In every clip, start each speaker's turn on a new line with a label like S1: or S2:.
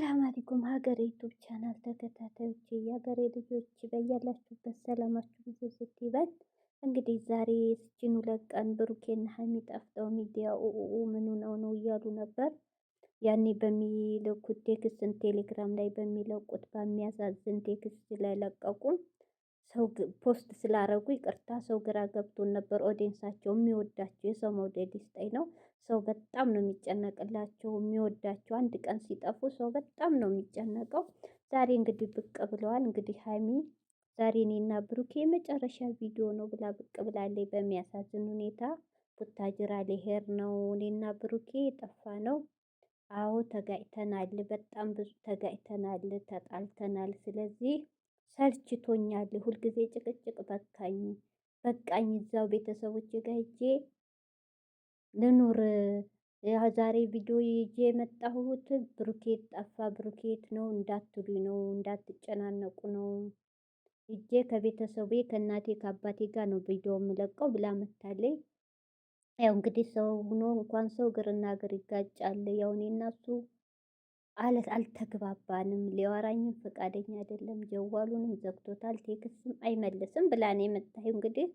S1: ሰላም አለይኩም ሀገሬ ዩቱብ ቻናል ተከታታዮች የሀገሬ ልጆች በያላችሁበት ሰላማችሁ ብዙ ስትይበል። እንግዲህ ዛሬ ስችን ሁለት ቀን ብሩኬና ሀሚ ጠፍተው ሚዲያ ኦኦኦ ምኑ ነው ነው እያሉ ነበር። ያኔ በሚልኩት ቴክስት ቴሌግራም ላይ በሚለቁት በሚያሳዝን ቴክስት ላይ ሰው ፖስት ስላረጉ ይቅርታ፣ ሰው ግራ ገብቶን ነበር። ኦዲየንሳቸው የሚወዳቸው የሰው መውደድ ይስጠኝ ነው። ሰው በጣም ነው የሚጨነቅላቸው የሚወዳቸው። አንድ ቀን ሲጠፉ ሰው በጣም ነው የሚጨነቀው። ዛሬ እንግዲህ ብቅ ብለዋል። እንግዲህ ሀይሚ ዛሬ እኔና ብሩኬ የመጨረሻ ቪዲዮ ነው ብላ ብቅ ብላለች። በሚያሳዝን ሁኔታ ቡታጅራ ሊሄድ ነው። እኔና ብሩኬ የጠፋ ነው። አዎ ተጋጭተናል፣ በጣም ብዙ ተጋጭተናል፣ ተጣልተናል። ስለዚህ ሰልችቶኛል፣ ሁልጊዜ ጭቅጭቅ በቃኝ በቃኝ፣ እዛው ቤተሰቦች ጋር ሂጄ ልኑር። ዛሬ ቪዲዮ ይዤ የመጣሁት ብሩኬት ጠፋ፣ ብሩኬት ነው እንዳትሉ ነው፣ እንዳትጨናነቁ ነው። ሂጄ ከቤተሰቤ ከእናቴ ከአባቴ ጋር ነው ቪዲዮ የምለቀው ብላ መታለኝ። ያው እንግዲህ ሰው ሆኖ እንኳን ሰው እግርና እግር ይጋጫል። ያው እኔ እና እሱ አለት አልተግባባንም፣ ሊያወራኝም ፈቃደኛ አይደለም፣ ጀዋሉንም ዘግቶታል፣ ቴክስትም አይመልስም ብላ ነው የምታየው። እንግዲህ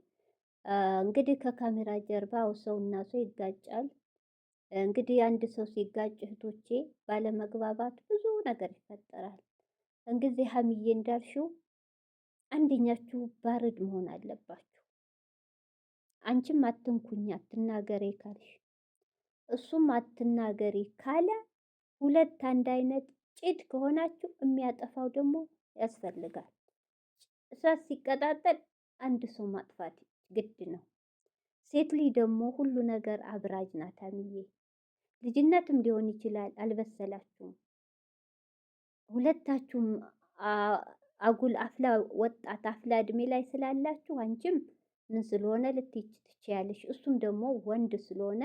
S1: እንግዲህ ከካሜራ ጀርባ ሰው ሰው ይጋጫል። እንግዲህ አንድ ሰው ሲጋጭ እህቶቼ ባለመግባባት ብዙ ነገር ይፈጠራል። እንግዲህ ሀሚዬ እንዳልሽው አንደኛችሁ ባርድ መሆን አለባችሁ። አንቺም አትንኩኝ አትናገሬ ካልሽ እሱም አትናገሬ ካለ ሁለት አንድ አይነት ጭድ ከሆናችሁ የሚያጠፋው ደግሞ ያስፈልጋል። እሳት ሲቀጣጠል አንድ ሰው ማጥፋት ግድ ነው። ሴት ልጅ ደግሞ ሁሉ ነገር አብራጅ ናት። አሚዬ ልጅነትም ሊሆን ይችላል። አልበሰላችሁም። ሁለታችሁም አጉል አፍላ ወጣት አፍላ እድሜ ላይ ስላላችሁ አንቺም ምን ስለሆነ ልትይች ትችያለሽ፣ እሱም ደግሞ ወንድ ስለሆነ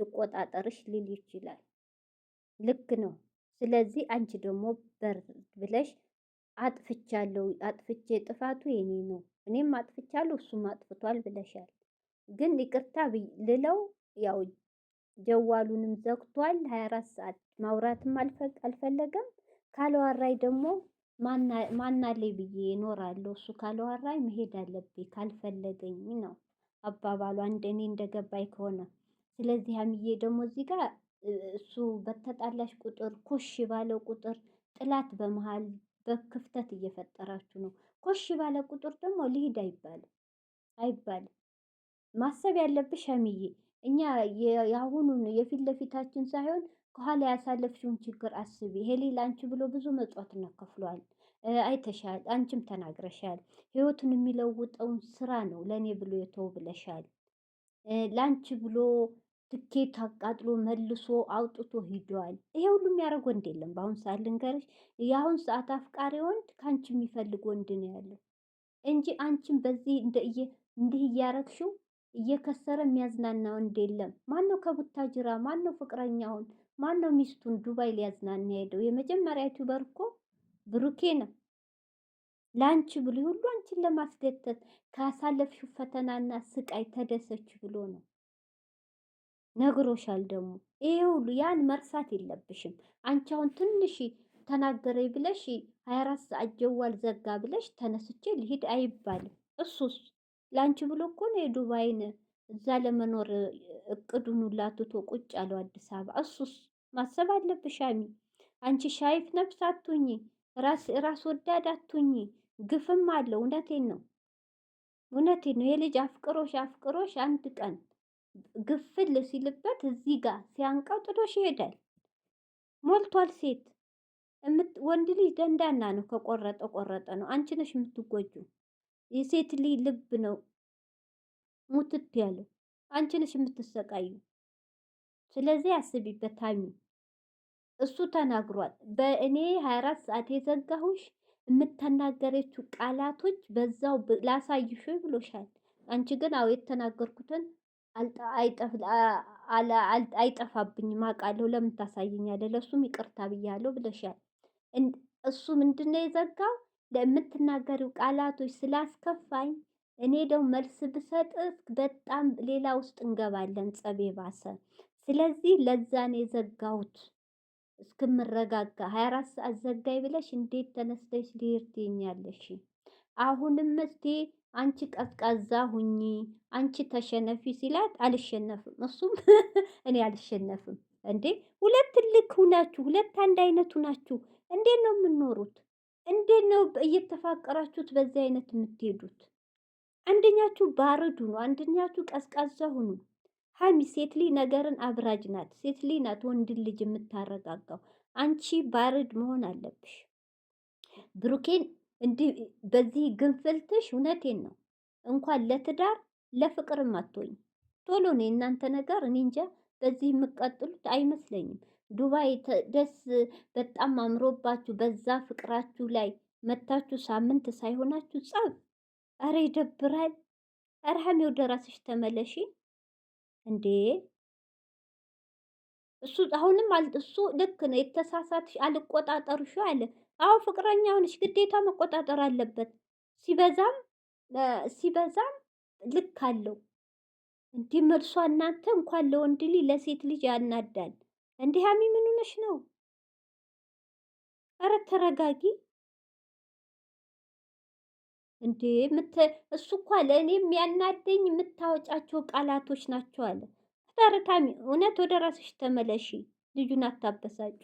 S1: ልቆጣጠርሽ ሊል ይችላል። ልክ ነው። ስለዚህ አንቺ ደግሞ በር ብለሽ አጥፍቻለሁ፣ አጥፍቼ ጥፋቱ የኔ ነው፣ እኔም አጥፍቻለሁ፣ እሱም አጥፍቷል ብለሻል። ግን ይቅርታ ልለው ያው ጀዋሉንም ዘግቷል። ሀያ አራት ሰዓት ማውራትም አልፈለገም። ካለዋራይ ደግሞ ማናሌ ብዬ እኖራለሁ። እሱ ካለዋራይ መሄድ አለብኝ ካልፈለገኝ ነው አባባሉ፣ አንድ እኔ እንደገባኝ ከሆነ። ስለዚህ አምዬ ደግሞ እዚህ ጋር እሱ በተጣላሽ ቁጥር ኮሽ ባለ ቁጥር ጥላት በመሃል በክፍተት እየፈጠራችሁ ነው። ኮሽ ባለ ቁጥር ደግሞ ልሂድ አይባል አይባል። ማሰብ ያለብሽ ሸሚዬ፣ እኛ የአሁኑን የፊት ለፊታችን ሳይሆን ከኋላ ያሳለፍሽውን ችግር አስቢ። ሄሊ ለአንቺ ብሎ ብዙ መጽዋዕትነት ከፍሏል። አይተሻል፣ አንቺም ተናግረሻል። ህይወቱን የሚለውጠውን ስራ ነው ለእኔ ብሎ የተው ብለሻል። ለአንቺ ብሎ ትኬት አቃጥሎ መልሶ አውጥቶ ሂደዋል። ይሄ ሁሉ የሚያደርግ ወንድ የለም። በአሁን ሰዓት ልንገርሽ፣ የአሁን ሰዓት አፍቃሪ ወንድ ከአንቺ የሚፈልግ ወንድ ነው ያለው እንጂ አንቺን በዚህ እንዲህ እያረግሽው እየከሰረ የሚያዝናና ወንድ የለም። ማነው ከቡታጅራ ማነው ፍቅረኛውን ማነው ሚስቱን ዱባይ ሊያዝናና ሄደው? የመጀመሪያ ዩቱበር እኮ ብሩኬ ነው። ለአንቺ ብሎ ሁሉ አንቺን ለማስደተት ካሳለፍሽው ፈተናና ስቃይ ተደሰች ብሎ ነው። ነግሮሻል ደግሞ ይሄ ሁሉ ያን መርሳት የለብሽም። አንቺ አሁን ትንሽ ተናገረ ብለሽ ሀያ አራት ሰዓት ጀዋል ዘጋ ብለሽ ተነስቼ ልሂድ አይባልም። እሱስ ለአንቺ ብሎ እኮ ነው የዱባይን እዛ ለመኖር እቅዱን ላትቶ ቁጭ አለው አዲስ አበባ። እሱስ ማሰብ አለብሽ አሚ። አንቺ ሻይፍ ነብስ አትሁኚ፣ ራስ ወዳድ አትሁኚ። ግፍም አለው። እውነቴን ነው፣ እውነቴን ነው። የልጅ አፍቅሮሽ አፍቅሮሽ አንድ ቀን ግፍል ሲልበት እዚህ ጋር ሲያንቀው ጥዶሽ ይሄዳል። ሞልቷል። ሴት ወንድ ልጅ ደንዳና ነው። ከቆረጠ ቆረጠ ነው። አንቺ ነሽ የምትጎጁ። የሴት ልጅ ልብ ነው ሙትት ያለው። አንቺ ነሽ የምትሰቃዩ። ስለዚህ አስቢበት ታሚ። እሱ ተናግሯል። በእኔ 24 ሰዓት የዘጋሁሽ የምተናገረችው ቃላቶች በዛው ላሳይሽ ብሎሻል። አንቺ ግን አዎ የተናገርኩትን አይጠፋብኝም አውቃለሁ። ለምን ታሳየኛለህ? ለእሱም ይቅርታ ብያለሁ ብለሻል። እሱ ምንድነው የዘጋው ለምትናገሪው ቃላቶች ስላስከፋኝ እኔ ደው መልስ ብሰጥ በጣም ሌላ ውስጥ እንገባለን፣ ጸብ ባሰ። ስለዚህ ለዛን ነው የዘጋሁት። እስክምረጋጋ ሀያ አራት ሰዓት ዘጋኝ ብለሽ እንዴት ተነስተሽ ልሄድ ትይኛለሽ? አሁንም እስቲ አንቺ ቀዝቃዛ ሁኚ፣ አንቺ ተሸነፊ ሲላት አልሸነፍም። እሱም እኔ አልሸነፍም እንዴ ሁለት ልክ ሁናችሁ ሁለት አንድ አይነት ሁናችሁ እንዴት ነው የምኖሩት? እንዴት ነው እየተፋቀራችሁት በዚህ አይነት የምትሄዱት? አንደኛችሁ ባርድ ሁኑ፣ አንደኛችሁ ቀዝቃዛ ሁኑ። ሀሚ ሴትሊ ነገርን አብራጅ ናት። ሴትሊ ናት ወንድን ልጅ የምታረጋጋው። አንቺ ባርድ መሆን አለብሽ ብሩኬን እንዲህ በዚህ ግንፍልትሽ እውነቴን ነው እንኳን ለትዳር ለፍቅርም አትሆኝ። ቶሎ ነው የእናንተ ነገር። እኔ እንጃ በዚህ የምትቀጥሉት አይመስለኝም። ዱባይ ደስ በጣም አምሮባችሁ በዛ ፍቅራችሁ ላይ መታችሁ ሳምንት ሳይሆናችሁ ጸብ። አረ ይደብራል። አረ ሐሚ ወደ ራስሽ ተመለሺ እንዴ። እሱ አሁንም አልጥሱ ልክ ነው የተሳሳትሽ አልቆጣጠርሽ አለ አዎ ፍቅረኛ ሆነሽ ግዴታ መቆጣጠር አለበት። ሲበዛም ሲበዛም ልክ አለው። እንዲህ መልሷ እናንተ እንኳን ለወንድ ልጅ ለሴት ልጅ ያናዳል። እንዲህ ሀሚ ምን ሆነሽ ነው? ኧረ ተረጋጊ እንዴ! ምት እሱ እኳ ለእኔ የሚያናደኝ የምታወጫቸው ቃላቶች ናቸው አለ። ታረታሚ ታሚ እውነት ወደ ራስሽ ተመለሺ። ልጁን አታበሳጩ።